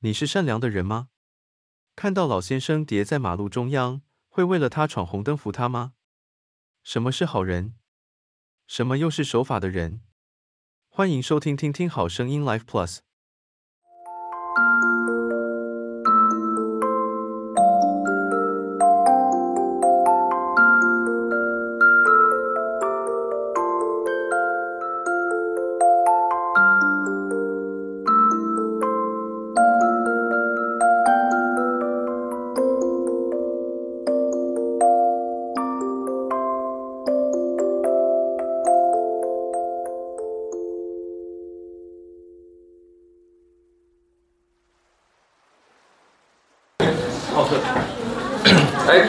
你是善良的人嗎？看到老先生跌在馬路中央，會為了他闖紅燈扶他嗎？什麼是好人？什麼又是守法的人？歡迎收聽聽聽好聲音 Life Plus。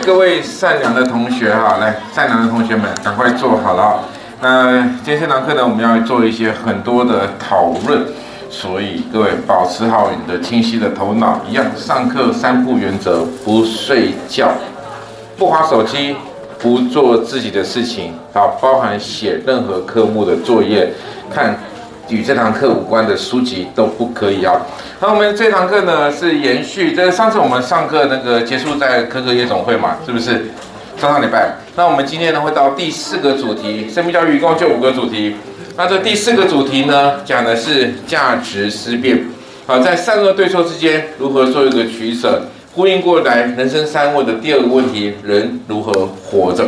各位善良的同學哈，來，善良的同學們，趕快坐好了。那今天這堂課呢，我們要做一些很多的討論，所以各位保持好你的清晰的頭腦，一樣上課三不原則：不睡覺，不滑手機，不做自己的事情，啊，包含寫任何科目的作業，看。與這堂課無關的書籍都不可以啊。那我們這堂課呢是延續，這上次我們上課那個結束在可可夜總會嘛，是不是？上上禮拜。那我們今天呢會到第四個主題，生命教育一共就五個主題。那這第四個主題呢講的是價值思辨，好，在善惡對錯之間如何做一個取捨，呼應過來人生三問的第二個問題：人如何活着？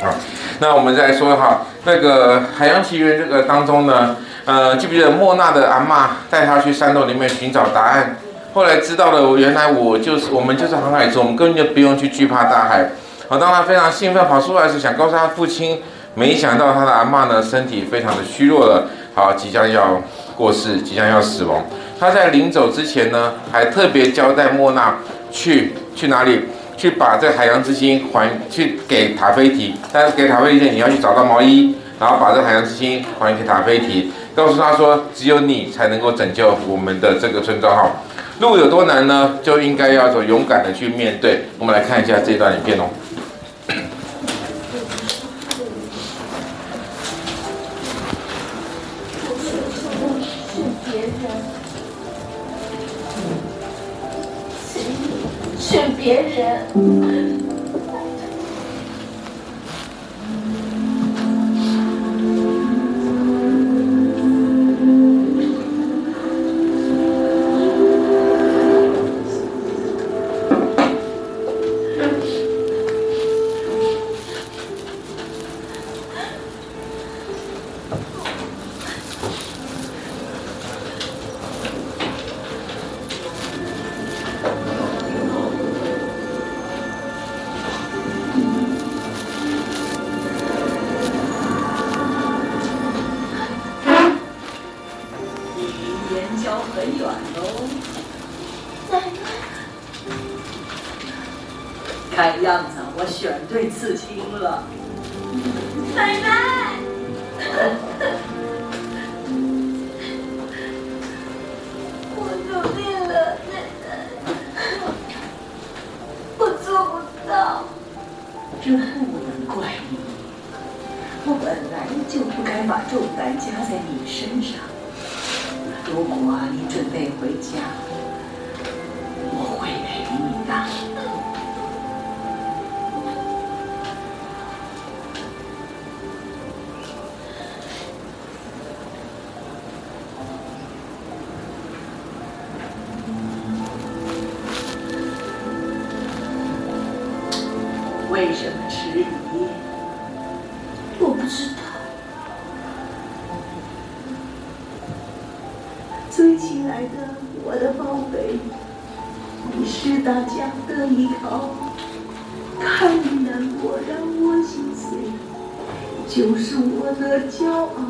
好，那我們再說哈，那個《海洋奇緣》這個當中呢。呃，記不記得莫娜的阿嬤帶他去山洞裡面尋找答案，後來知道了，我原來我就是我們就是航海中，我們根本就不用去懼怕大海。好，當他非常興奮跑出來時，想告訴他父親，沒想到他的阿嬤呢身體非常的虛弱了，好，即將要過世，即將要死亡。他在臨走之前呢，還特別交代莫娜去去哪裡，去把這海洋之心還去給塔菲提，但是給塔菲提你要去找到毛衣，然後把這海洋之心還給塔菲提。告訴他說，只有你才能夠拯救我們的這個村莊哈。路有多難呢？就應該要走勇敢的去面對。我們來看一下這段影片哦。選別人，選別人。看樣子我選對刺青了，奶奶。 我努力了，奶奶，我做不到。這不能怪你，我本來就不該把重擔加在你身上。如果、啊、你準備回家，我會陪你的。為什麼是你？我不知道。最親愛的，我的寶貝，你是大家的依靠。看你難過，讓我心碎，就是我的驕傲。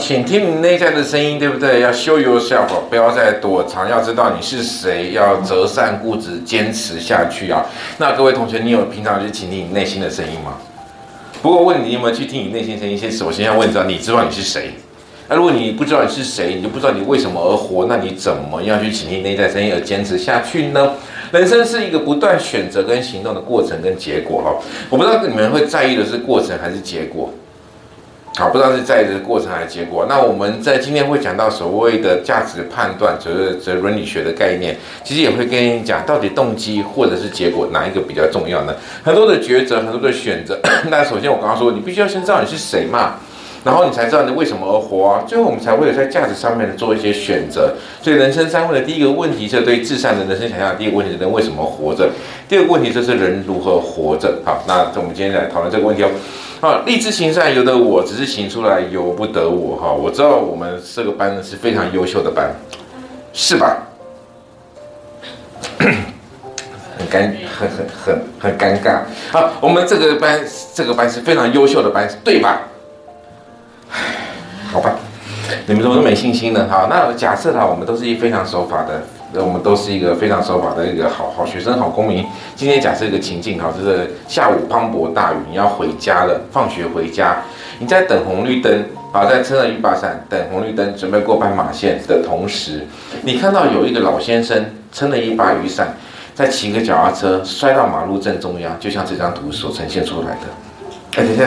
請聽你內在的聲音，對不對？要 show yourself，不要再躲藏。要知道你是誰，要擇善固執，堅持下去啊！那各位同學，你有平常去傾聽你內心的聲音嗎？不過問你有沒有去聽你內心的聲音，先首先要問你知道你知道你是誰？那、啊、如果你不知道你是誰，你就不知道你為什麼而活，那你怎麼樣去傾聽內在聲音而堅持下去呢？人生是一個不斷選擇跟行動的過程跟結果哦，我不知道你們會在意的是過程還是結果。好，不知道是在這個過程還是結果。那我們在今天會講到所謂的價值判斷、就是這倫理學的概念，其實也會跟你講到底動機或者是結果哪一個比較重要呢？很多的抉擇，很多的選擇。那首先我剛剛說，你必須要先知道你是誰嘛，然後你才知道你為什麼而活啊。最後我們才會有在價值上面做一些選擇。所以人生三問的第一個問題是對於至善的人生想象，第一個問題是人為什麼活着？第二個問題就是人如何活着？好，那我們今天來討論這個問題哦。好，立志行善，由得我，只是行出來，由不得我哈。我知道我們這個班呢是非常優秀的班，是吧？很尷， 很呵呵很很很尷尬。好，我們這個班這個班是非常優秀的班，對吧？唉，好吧，你們怎麼都沒信心呢？好，那假設哈，我們都是以非常守法的。那我們都是一個非常守法的一個好好學生、好公民。今天假設一個情境，哈，就是下午磅礴大雨，你要回家了，放學回家，你在等紅綠燈好、啊、在撐了一把傘等紅綠燈，準備過斑馬線的同時，你看到有一個老先生撐了一把雨傘，在騎個腳踏車，摔到馬路正中央，就像這張圖所呈現出來的。哎，等一下，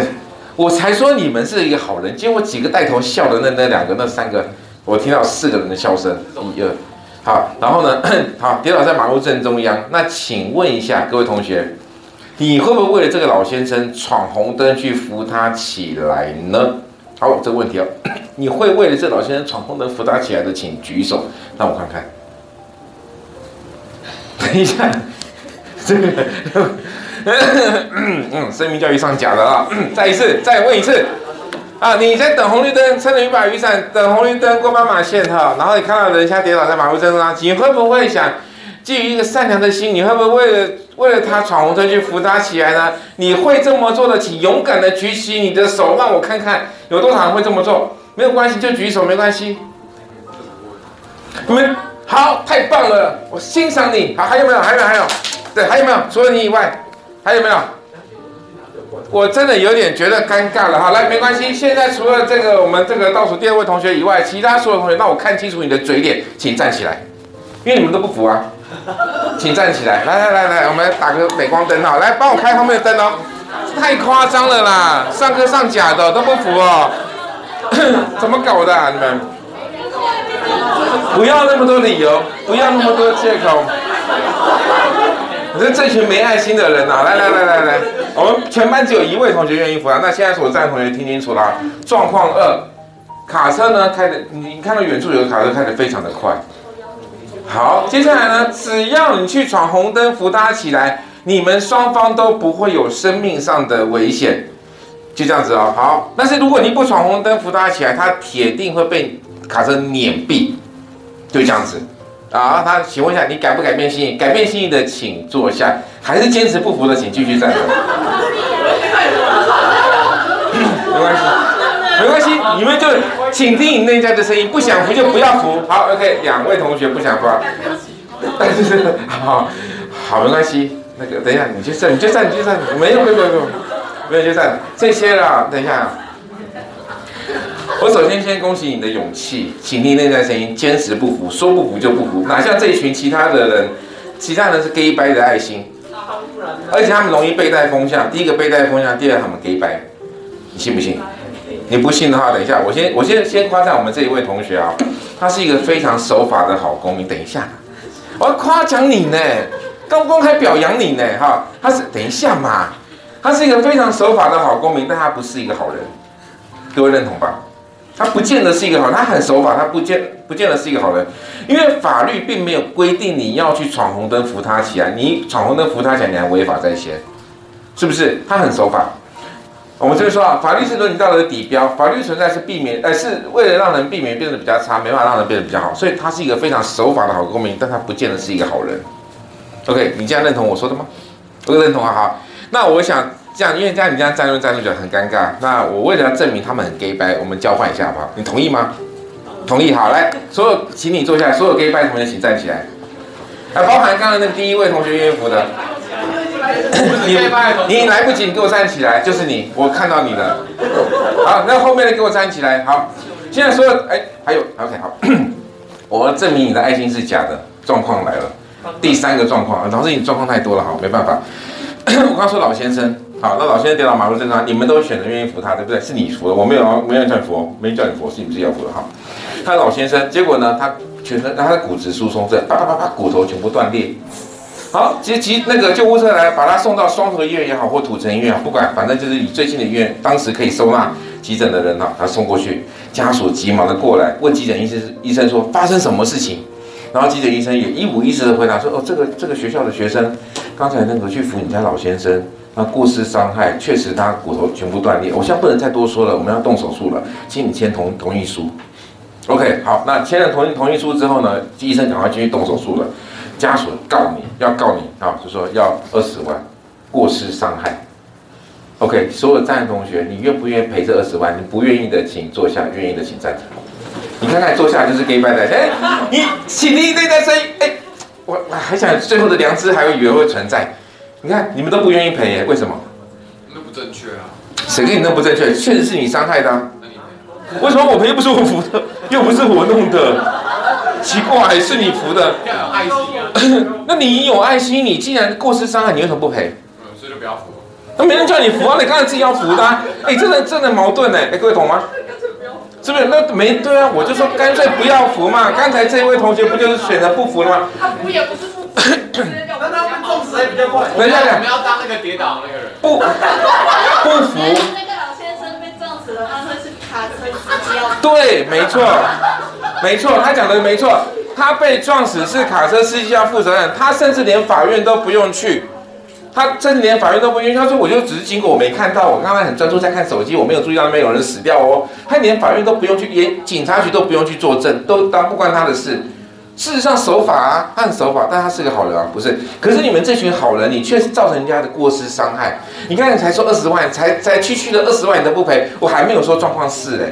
我才說你們是一個好人，結果幾個帶頭笑的那那兩個、那三個，我聽到四個人的笑聲，一二。好，然後呢？好，跌倒在馬路正中央。那請問一下各位同學，你會不會為了這個老先生闖紅燈去扶他起來呢？好，這個問題哦，你會為了這個老先生闖紅燈扶他起來的，請舉手，讓我看看。等一下，這個，嗯，生命教育上嗯，講的啊！再一次，再問一次。啊，你在等紅綠燈，撐着一把雨傘等紅綠燈過斑馬、馬線哈，然後你看到人家跌倒在馬路中央，啊，你會不會想，基於一個善良的心，你會不會為了為了他闖紅燈去扶他起來呢？你會這麼做的，請勇敢的舉起你的手，讓我看看有多少人會這麼做。沒有關係，就舉手，沒關係。好，太棒了，我欣賞你。好，還有沒有？還有、有、還、有、還、有還有？對，還有沒有？除了你以外，還有沒有？我真的有點覺得尷尬了哈，來，沒關係。現在除了這個我們這個倒數第二位同學以外，其他所有同學，讓我看清楚你的嘴臉，請站起來，因為你們都不服啊，請站起來。來來來來，我們打個鎂光燈哈，來幫我開後面的燈哦，太誇張了啦，上課上假的，都不服啊、哦， 怎麼搞的啊？你們，不要那麼多理由，不要那麼多借口。可是這群沒愛心的人吶、啊！來來來來來，我們全班只有一位同學願意扶他。那現在所在的同學，聽清楚了，狀況二，卡車呢開的，你看到遠處有個卡車開的非常的快。好，接下來呢，只要你去闖紅燈扶他起來，你們雙方都不會有生命上的危險，就這樣子哦，好，但是如果你不闖紅燈扶他起來，他鐵定會被卡車碾斃，就這樣子。啊，他，請問一下，你改不改變心意？改變心意的，請坐下；還是堅持不服的，請繼續站、 嗯。沒關係，沒關係，你們就請聽你內在的聲音，不想服就不要服。好，OK，兩位同學不想服，但是，好好沒關係。那個，等一下，你就站，你就站，你就站，沒有，沒有，沒有，沒有，就站這些了。等一下。我首先先恭喜你的勇氣，請聽內在聲音，堅持不服，說不服就不服，哪像這一群其他的人，其他人是假掰的愛心、啊，而且他們容易被帶風向，第一個被帶風向，第二他們假掰，你信不信？你不信的話，等一下我先我先先誇讚我們這一位同學啊、哦，他是一個非常守法的好公民。等一下，我要誇獎你呢，要公開表揚你呢，哈、哦，他是等一下嘛，他是一個非常守法的好公民，但他不是一個好人，各位認同吧？他不見得是一個好人，他很守法，他不見不見得是一個好人，因為法律並沒有規定你要去闖紅燈扶他起來，你闖紅燈扶他起來，你還違法在先，是不是？他很守法。我們這邊說啊，法律是倫理道德的底標，法律存在是避免，呃，是為了讓人避免變得比較差，沒辦法讓人變得比較好，所以他是一個非常守法的好公民，但他不見得是一個好人。OK，你這樣認同我說的嗎？我都認同啊，好，那我想。這樣，因為這樣你這樣站住站住，就很尷尬。那我為了要證明他們很 gay 掰，我們交換一下好不好？你同意嗎？同意，好來，所有請你坐下來，所有 gay 掰的同學請站起來，啊，包含剛才那第一位同學願意扶的， 你的、的，你來不及，你給我站起來，就是你，我看到你了。好，那後面的給我站起來，好。現在所有，哎、欸，還有，OK，好， 我要證明你的愛心是假的，狀況來了，第三個狀況，老、啊、師，導致你狀況太多了，好，沒辦法。 我剛說老先生。好，那老先生跌倒馬路中央，你們都選擇願意扶他，對不對？是你扶的，我沒有、啊，沒有叫你扶，沒叫你扶，是你自己要扶的哈。他老先生，結果呢，他全身，他的骨質疏鬆症，啪啪啪啪，骨頭全部斷裂。好，急急那個救護車來把他送到雙和醫院也好，或土城醫院也好，不管，反正就是你最近的醫院，當時可以收納急診的人哈、啊，他送過去，家屬急忙的過來問急診醫生，醫生說發生什麼事情？然後急診醫生也一五一十的回答說：“哦，這個這個學校的學生剛才那個去扶你家老先生，那過失傷害確實他骨頭全部斷裂。我現在不能再多說了，我們要動手術了，請你簽同同意書。OK，好，那簽了同意同意書之後呢，醫生趕快進去動手術了。家屬告你，要告你啊，就說要二十萬過失傷害。OK，所有的站同學，你願不願意賠這二十萬？你不願意的，請坐下；願意的，請站起來。”你看看坐下來就是 gay bye 的，哎，你起立那段聲音？哎，我我還想最後的良知，還以為會存在。你看你們都不願意賠耶，為什麼？那不正確啊？誰跟你那不正確？確實是你傷害的啊。那為什麼我賠，又不是我扶的，又不是我弄的？奇怪，是你扶的。要有愛心啊。那你有愛心，你既然過失傷害，你為什麼不賠？嗯，所以就不要扶。那沒人叫你扶啊，你剛才自己要扶的。哎，真的真的矛盾呢，哎，各位懂嗎？是不是那沒對啊？我就說乾脆不要扶嘛！剛才這位同學不就是選擇不扶了嗎？他扶也不是扶， 是那 他被撞死也比較過分。不，我們要當那個跌倒那個人。不 不扶。那個老先生被撞死的話，會是卡車司機要。對，沒錯， 沒錯，他講的沒錯。他被撞死是卡車司機要負責任，他甚至連法院都不用去。他甚至連法院都不用，他說我就只是經過，我沒看到，我剛才很專注在看手機，我沒有注意到那邊有人死掉哦。他連法院都不用去，連警察局都不用去作證，都當不關他的事。事實上，守法啊按守法，但他是個好人啊，不是？可是你們這群好人，你卻是造成人家的過失傷害。你看你才說二十萬，才才區區的二十萬，你，去去萬你都不賠。我還沒有說狀況四哎，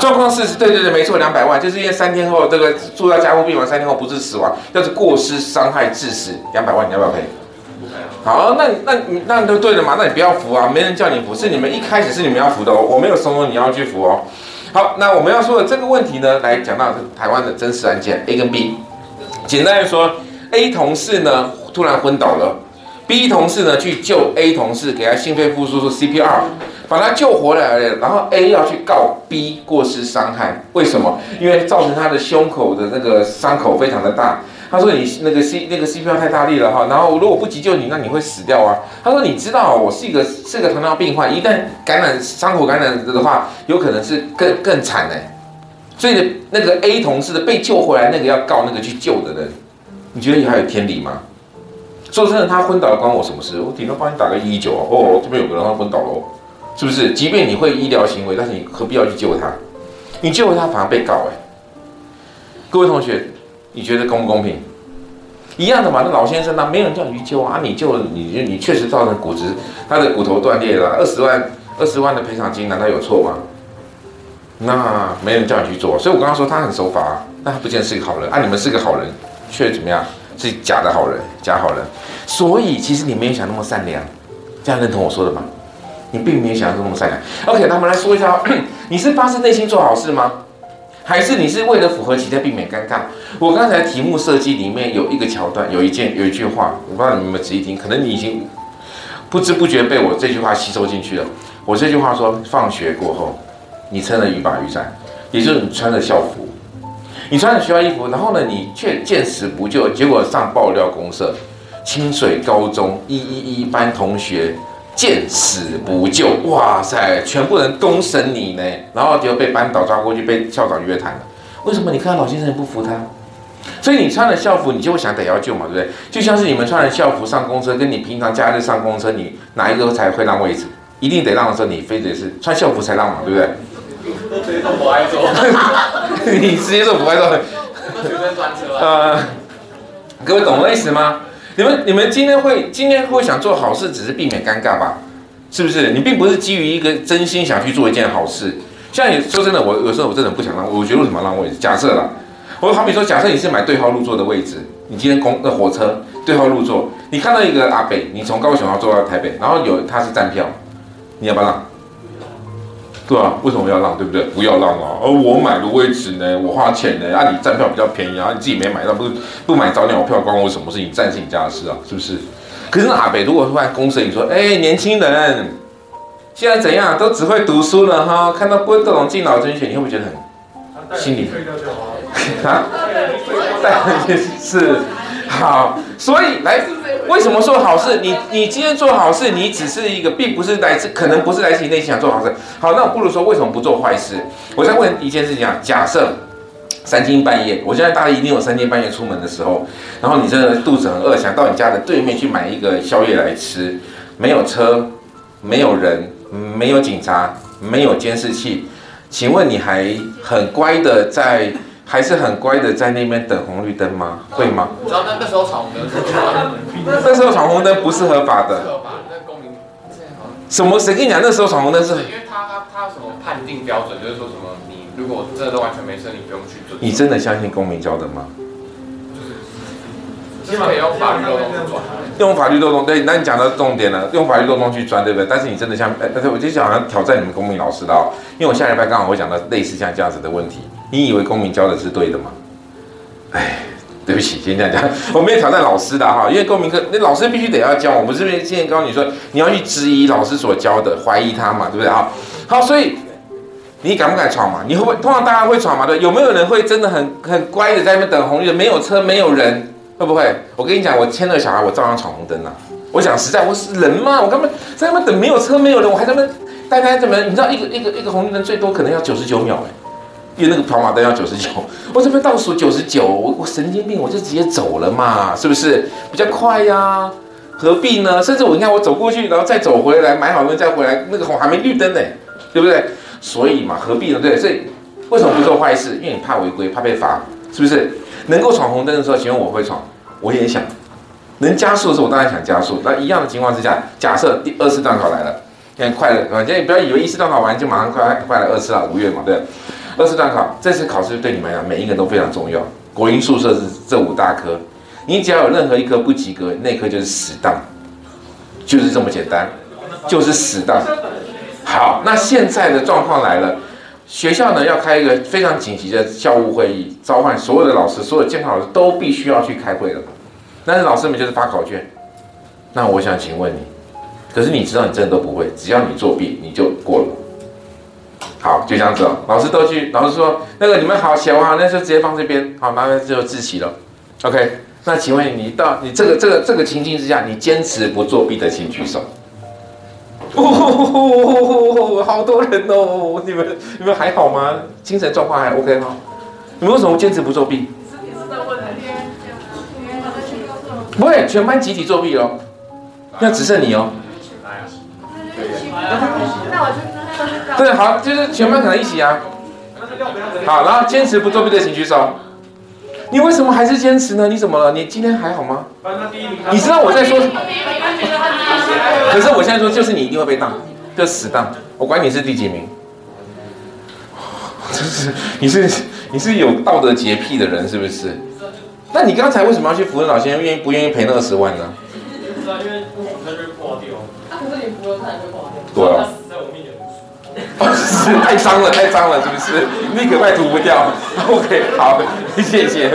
狀況四是，對對對，沒錯，兩百萬就是因為三天後這個住在加護病房，三天後不治死亡，要是過失傷害致死，兩百萬你要不要賠？好，那那那都對了嘛，那你不要扶啊，沒人叫你扶，是你們一開始是你們要扶的哦，我沒有說你要去扶哦。好，那我們要說的這個問題呢，來講到台灣的真實案件 A 跟 B。簡單來說，A 同事呢突然昏倒了，B 同事呢去救 A 同事，給他心肺復甦術 CPR，把他救回來了，然後 A 要去告 B 過失傷害，為什麼？因為造成他的胸口的那個傷口非常的大。他說：“你那個 C 那個 CPR 太大力了哈，然後如果不急救你，那你會死掉啊。”他說：“你知道我是一個是一個糖尿病患，一旦感染傷口感染的話，有可能是更更慘呢。所以那個 A 同事的被救回來，那個要告那個去救的人，你覺得還有天理嗎？說真的，他昏倒了關我什麼事？我頂多幫你打個一一九哦，這邊有個人他昏倒了、哦，是不是？即便你會醫療行為，但是你何必要去救他？你救了他反而被告哎。各位同學。你覺得公不公平？一樣的嘛，那老先生呢？那沒有人叫你去救啊，你，救了你就你你確實造成骨折，他的骨頭斷裂了，二十萬二十萬的賠償金，難道有錯嗎？那沒人叫你去做，所以我剛剛說他很守法，但他不見得是個好人啊。你們是個好人，卻怎麼樣？是假的好人，假好人。所以其實你沒有想那麼善良，這樣認同我說的嗎？你並沒有想那麼善良。OK，那我們來說一下，你是發自內心做好事嗎？還是你是為了符合其他避免尷尬？我剛才題目設計裡面有一個橋段，有一件有一句話，我不知道你們有沒有仔細聽，可能你已經不知不覺被我這句話吸收進去了。我這句話說：放學過後，你撐了一把雨傘，也就是你穿了校服，你穿着學校衣服，然後呢，你卻見死不救，結果上爆料公社，清水高中一一一班同學。見死不救，哇塞，全部人公審你呢！然後就被班導抓過去，被校長約談了。為什麼？你看到老先生也不扶他，所以你穿了校服，你就會想得要救嘛，對不對？就像是你們穿了校服上公車，跟你平常假日上公車，你哪一個才會讓位置？一定得讓的時候，你非得是穿校服才讓嘛，對不對？我直接說不愛坐， 你直接說不愛坐，就接專車啊！各位懂意思嗎？你們你們今天會今天會想做好事，只是避免尷尬吧？是不是？你並不是基於一個真心想去做一件好事。像你說真的，我有時候我真的不想讓我，我覺得為什麼讓位置？假設啦，我好比說，假設你是買對號入座的位置，你今天公那火車對號入座，你看到一個阿北，你從高雄要坐到台北，然後有他是站票，你要不要讓？對啊，為什麼要讓？對不對？不要讓啊！而、哦、我買的位置呢，我花錢呢，啊，你站票比較便宜，啊，然後你自己沒買到，不不買早鳥票關我什麼事？你站是你家的事啊，是不是？可是阿北，如果說來公司，你說，哎、欸，年輕人現在怎樣都只會讀書了哈，看到不這種敬老尊賢，你會不會覺得很心裡啊？但 是好，所以來自。為什麼做好事？你你今天做好事，你只是一個，並不是來自，可能不是來自你內心想做好事。好，那我不如說，為什麼不做壞事？我再問一件事情啊。假設三更半夜，我現在大家一定有三更半夜出門的時候，然後你真的肚子很餓，想到你家的對面去買一個宵夜來吃，沒有車，沒有人，沒有警察，沒有監視器，請問你還很乖的在？還是很乖的，在那邊等紅綠燈嗎？那，會嗎？然那時候闖紅燈，那時候闖紅燈 不是合法的。什麼，誰跟你講？那時候闖紅燈是……因為他他他什麼判定標準？就是說，什麼你如果真的都完全沒事，你不用去做。你真的相信公民教的嗎、嗯？就是，起碼也用法律漏洞去鑽。用法律漏洞，對，那你講到重點了，用法律漏洞去鑽，對不對？但是你真的像，信？哎，對，我就想好像挑戰你們公民老師的哦，因為我下禮拜剛好會講到類似像這樣子的問題。你以為公民教的是對的嗎？哎，對不起，先這樣講，我沒有挑戰老師的哈，因為公民課那老師必須得要教我。我們這邊現在告訴你說，說你要去質疑老師所教的，懷疑他嘛，對不對啊？好，所以你敢不敢闖嘛？你會不會？通常大家會闖嘛？對，有沒有人會真的很很乖的在那邊等紅綠燈？沒有車，沒有人，會不會？我跟你講，我牽着小孩，我照樣闖紅燈吶、啊！我講實在，我是人嘛，我根本在那邊等？沒有車，沒有人，我還在那邊呆呆怎麼？你知道一個一個一個紅綠燈最多可能要九十九秒哎、欸。因為那個跑馬燈要九十九。我這邊倒數九十九，我神經病，我就直接走了嘛，是不是比較快呀、啊？何必呢？甚至我你看我走過去，然後再走回來買好東西再回來，那個紅還沒綠燈呢、欸，對不對？所以嘛，何必呢？對，所以為什麼不做壞事？因為你怕違規，怕被罰，是不是？能夠闖紅燈的時候，請問我會闖，我也想。能加速的時候，我當然想加速。那一樣的情況之下，假設第二次段考來了，現在快了，大家你不要以為一次段考完就馬上快快了，二次了，五月嘛，對。二次段考，這次考試對你們來講，每一個人都非常重要。國英數社是這五大科，你只要有任何一科不及格，那科就是死當，就是這麼簡單，就是死當。好，那現在的狀況來了，學校呢，要開一個非常緊急的教務會議，召喚所有的老師，所有監考老師都必須要去開會了。但是老師們就是發考卷。那我想請問你，可是你知道你真的都不會，只要你作弊，你就過了。好，就這樣子哦。老師都去，老師說：“那個你們好寫完，那就直接放這邊。好，慢慢就自習了。” OK。那請問你到你這個這個這個情境之下，你堅持不作弊的，請舉手。哦，好多人哦，你們你們還好嗎？精神狀況還 OK 嗎哦？你們為什麼堅持不作弊？集在我旁邊我在睡做。不會，全班集體作弊了，那只剩你哦。那我就是。 對，好，就是全班可能一起啊。好，然後堅持不作弊的請舉手。你為什麼還是堅持呢？你怎麼了？你今天還好嗎？你知道我在說什麼。可是我現在說，就是你一定會被當，就是，死當。我管你是第幾名。真是，你是你是有道德潔癖的人是不是？那你剛才為什麼要去扶老先生？願意不願意賠那二十萬呢？其實你知道，因為我扶他就會垮掉。那可是你扶了他也會垮掉。是，是太髒了，太髒了，是不是？那個外塗不掉。OK，好，謝謝。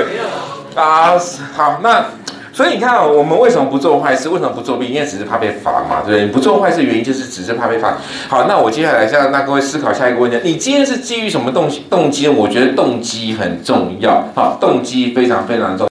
啊、uh，好，那所以你看，我們為什麼不做壞事？為什麼不作弊？因為只是怕被罰嘛，對不對？不做壞事原因就是只是怕被罰。好，那我接下來讓那各位思考下一個問題：你今天是基於什麼動動機？我覺得動機很重要。好，動機非常非常重要。